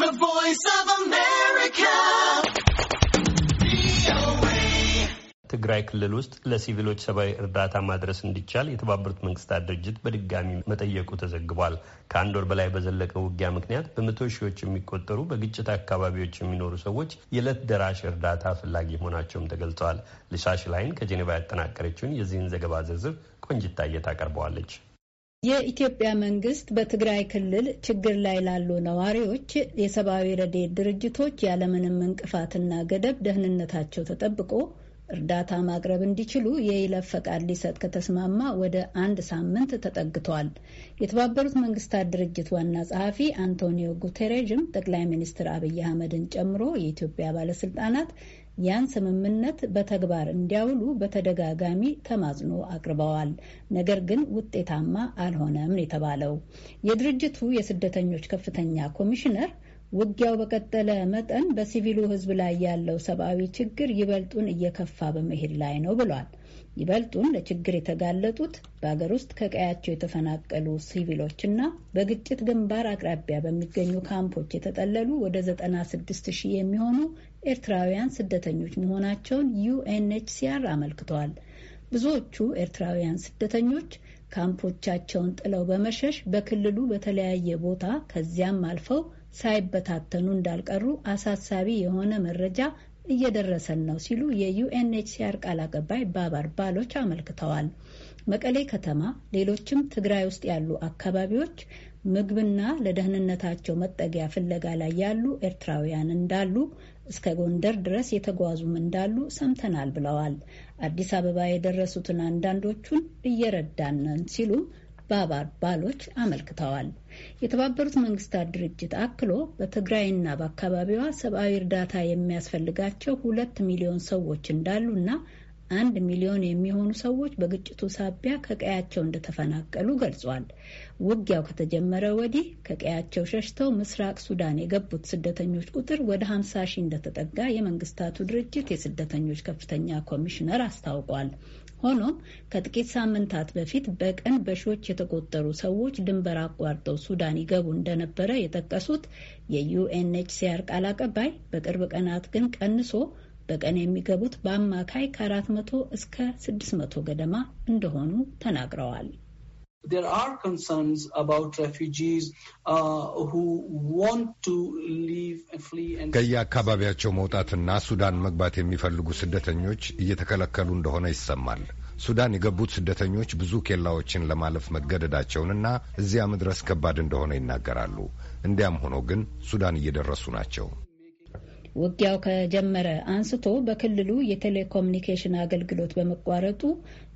The Voice of America. ትግራይ ክልል ውስጥ ለሲቪሎች ሰብአዊ እርዳታ ማድረስ እንዲቻል የተባበሩት መንግስታት ድርጅት በድጋሚ መጠየቁ ተዘግቧል። ከአንድ ወር በላይ በዘለቀ ውጊያ ምክንያት በመቶ ሺዎች የሚቆጠሩ በግጭት አካባቢዎች የሚኖሩ ሰዎች የዕለት ደራሽ እርዳታ ፈላጊ መሆናቸውም ተገልጸዋል። ልሻሽ ላይን ከጄኔቫ ያጠናቀረችውን የዚህን ዘገባ ዝርዝር ቆንጅታየት አቀርበዋለች። የኢትዮጵያ መንግስት በትግራይ ክልል ችግር ላይ ላሉ ነዋሪዎች የሰብአዊ ረድኤት ድርጅቶች ያለምንም እንቅፋትና ገደብ ደህንነታቸው ተጠብቆ እርዳታ ማቅረብ እንዲችሉ የይለፍ ፈቃድ ሊሰጥ ከተስማማ ወደ አንድ ሳምንት ተጠግቷል። የተባበሩት መንግስታት ድርጅት ዋና ጸሐፊ አንቶኒዮ ጉቴሬዥም ጠቅላይ ሚኒስትር አብይ አህመድን ጨምሮ የኢትዮጵያ ባለስልጣናት ያን ስምምነት በተግባር እንዲያውሉ በተደጋጋሚ ተማጽኖ አቅርበዋል። ነገር ግን ውጤታማ አልሆነም የተባለው። የድርጅቱ የስደተኞች ከፍተኛ ኮሚሽነር ውጊያው በቀጠለ መጠን በሲቪሉ ሕዝብ ላይ ያለው ሰብአዊ ችግር ይበልጡን እየከፋ በመሄድ ላይ ነው ብሏል። ይበልጡን ለችግር የተጋለጡት በሀገር ውስጥ ከቀያቸው የተፈናቀሉ ሲቪሎችና በግጭት ግንባር አቅራቢያ በሚገኙ ካምፖች የተጠለሉ ወደ 96 ሺህ የሚሆኑ ኤርትራውያን ስደተኞች መሆናቸውን ዩኤንኤችሲአር አመልክተዋል። ብዙዎቹ ኤርትራውያን ስደተኞች ካምፖቻቸውን ጥለው በመሸሽ በክልሉ በተለያየ ቦታ ከዚያም አልፈው ሳይበታተኑ እንዳልቀሩ አሳሳቢ የሆነ መረጃ እየደረሰን ነው ሲሉ የዩኤንኤችሲአር ቃል አቀባይ ባባር ባሎች አመልክተዋል። መቀሌ ከተማ፣ ሌሎችም ትግራይ ውስጥ ያሉ አካባቢዎች ምግብና ለደህንነታቸው መጠጊያ ፍለጋ ላይ ያሉ ኤርትራውያን እንዳሉ እስከ ጎንደር ድረስ የተጓዙም እንዳሉ ሰምተናል ብለዋል። አዲስ አበባ የደረሱትን አንዳንዶቹን እየረዳን ነን ሲሉም ባባር ባሎች አመልክተዋል። የተባበሩት መንግስታት ድርጅት አክሎ በትግራይና በአካባቢዋ ሰብአዊ እርዳታ የሚያስፈልጋቸው ሁለት ሚሊዮን ሰዎች እንዳሉና አንድ ሚሊዮን የሚሆኑ ሰዎች በግጭቱ ሳቢያ ከቀያቸው እንደተፈናቀሉ ገልጿል። ውጊያው ከተጀመረ ወዲህ ከቀያቸው ሸሽተው ምስራቅ ሱዳን የገቡት ስደተኞች ቁጥር ወደ 50 ሺህ እንደተጠጋ የመንግስታቱ ድርጅት የስደተኞች ከፍተኛ ኮሚሽነር አስታውቋል። ሆኖም ከጥቂት ሳምንታት በፊት በቀን በሺዎች የተቆጠሩ ሰዎች ድንበር አቋርጠው ሱዳን ይገቡ እንደነበረ የጠቀሱት የዩኤንኤችሲአር ቃል አቀባይ በቅርብ ቀናት ግን ቀንሶ በቀን የሚገቡት በአማካይ ከ400 እስከ 600 ገደማ እንደሆኑ ተናግረዋል። ከየአካባቢያቸው መውጣትና ሱዳን መግባት የሚፈልጉ ስደተኞች እየተከለከሉ እንደሆነ ይሰማል። ሱዳን የገቡት ስደተኞች ብዙ ኬላዎችን ለማለፍ መገደዳቸውንና እዚያ መድረስ ከባድ እንደሆነ ይናገራሉ። እንዲያም ሆኖ ግን ሱዳን እየደረሱ ናቸው። ውጊያው ከጀመረ አንስቶ በክልሉ የቴሌኮሙኒኬሽን አገልግሎት በመቋረጡ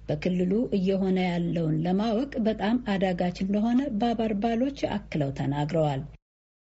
በክልሉ እየሆነ ያለውን ለማወቅ በጣም አዳጋች እንደሆነ ባባርባሎች አክለው ተናግረዋል።